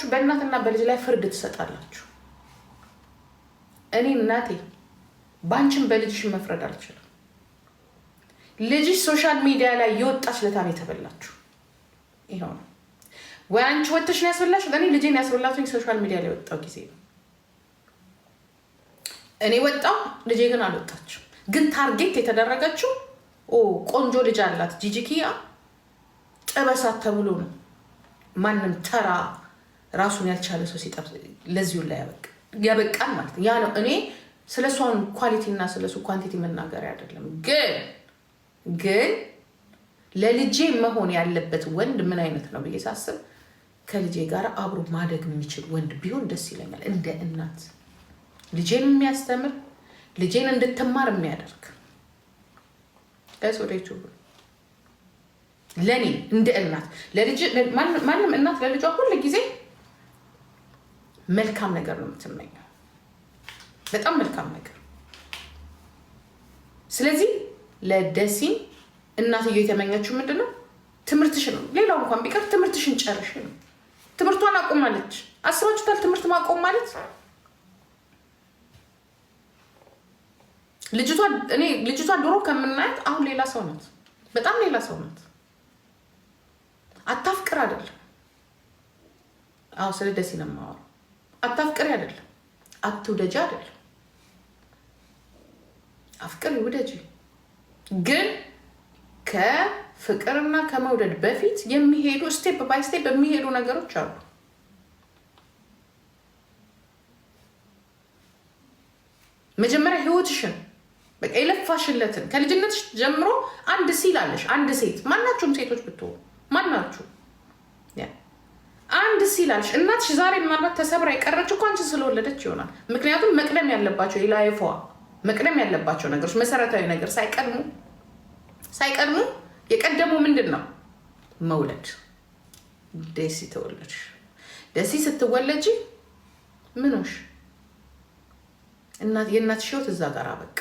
ሁለታችሁ በእናትና በልጅ ላይ ፍርድ ትሰጣላችሁ። እኔ እናቴ በአንቺም በልጅሽ መፍረድ አልችልም። ልጅሽ ሶሻል ሚዲያ ላይ የወጣች ለታን የተበላችሁ ይኸው ነው ወይ አንቺ ወጥተሽ ነው ያስበላሽ። እኔ ልጄን ያስበላችሁኝ ሶሻል ሚዲያ ላይ ወጣው ጊዜ ነው። እኔ ወጣው፣ ልጄ ግን አልወጣችም። ግን ታርጌት የተደረገችው ቆንጆ ልጅ አላት ጂጂኪያ ጥበሳት ተብሎ ነው ማንም ተራ ራሱን ያልቻለ ሰው ሲጠብስ ለዚሁ ላይ ያበቃል ማለት ያ ነው። እኔ ስለ እሷን ኳሊቲ እና ስለ እሱ ኳንቲቲ መናገር አይደለም፣ ግን ግን ለልጄ መሆን ያለበት ወንድ ምን አይነት ነው ብዬ ሳስብ ከልጄ ጋር አብሮ ማደግ የሚችል ወንድ ቢሆን ደስ ይለኛል። እንደ እናት ልጄን የሚያስተምር ልጄን እንድትማር የሚያደርግ ወደ ለእኔ እንደ እናት ማንም እናት ለልጇ ሁል ጊዜ መልካም ነገር ነው የምትመኘው፣ በጣም መልካም ነገር። ስለዚህ ለደሲም እናትየው የተመኘችው ምንድን ነው? ነው። ሌላው እንኳን ቢቀር ትምህርትሽን ጨርሽ ነው። ትምህርቷን አቁማለች አስባችሁታል? ትምህርት ማቆም ማለት ልጅቷ ድሮ ከምናያት አሁን ሌላ ሰው ናት። በጣም ሌላ ሰው ናት። አታፍቅር አይደለም። አዎ ስለ ደሴ ነው የማወራው። አታፍቅሪ አይደለም፣ አትውደጂ አይደለም። አፍቅሪ ውደጂ፣ ግን ከፍቅርና ከመውደድ በፊት የሚሄዱ ስቴፕ ባይ ስቴፕ የሚሄዱ ነገሮች አሉ። መጀመሪያ ህይወትሽን በቃ የለፋሽለትን ከልጅነትሽ ጀምሮ አንድ ሲል አለሽ። አንድ ሴት ማናችሁም ሴቶች ብትሆኑ ማናችሁ ትዝ ይላልሽ እናትሽ ዛሬ ምናልባት ተሰብራ የቀረች እኮ አንቺ ስለወለደች ይሆናል። ምክንያቱም መቅደም ያለባቸው ላይፏ መቅደም ያለባቸው ነገሮች መሰረታዊ ነገር ሳይቀድሙ ሳይቀድሙ የቀደሙ ምንድን ነው መውለድ። ደሲ ተወለድሽ። ደሲ ስትወለጂ ምኖሽ የእናትሽ ሕይወት እዛ ጋር በቃ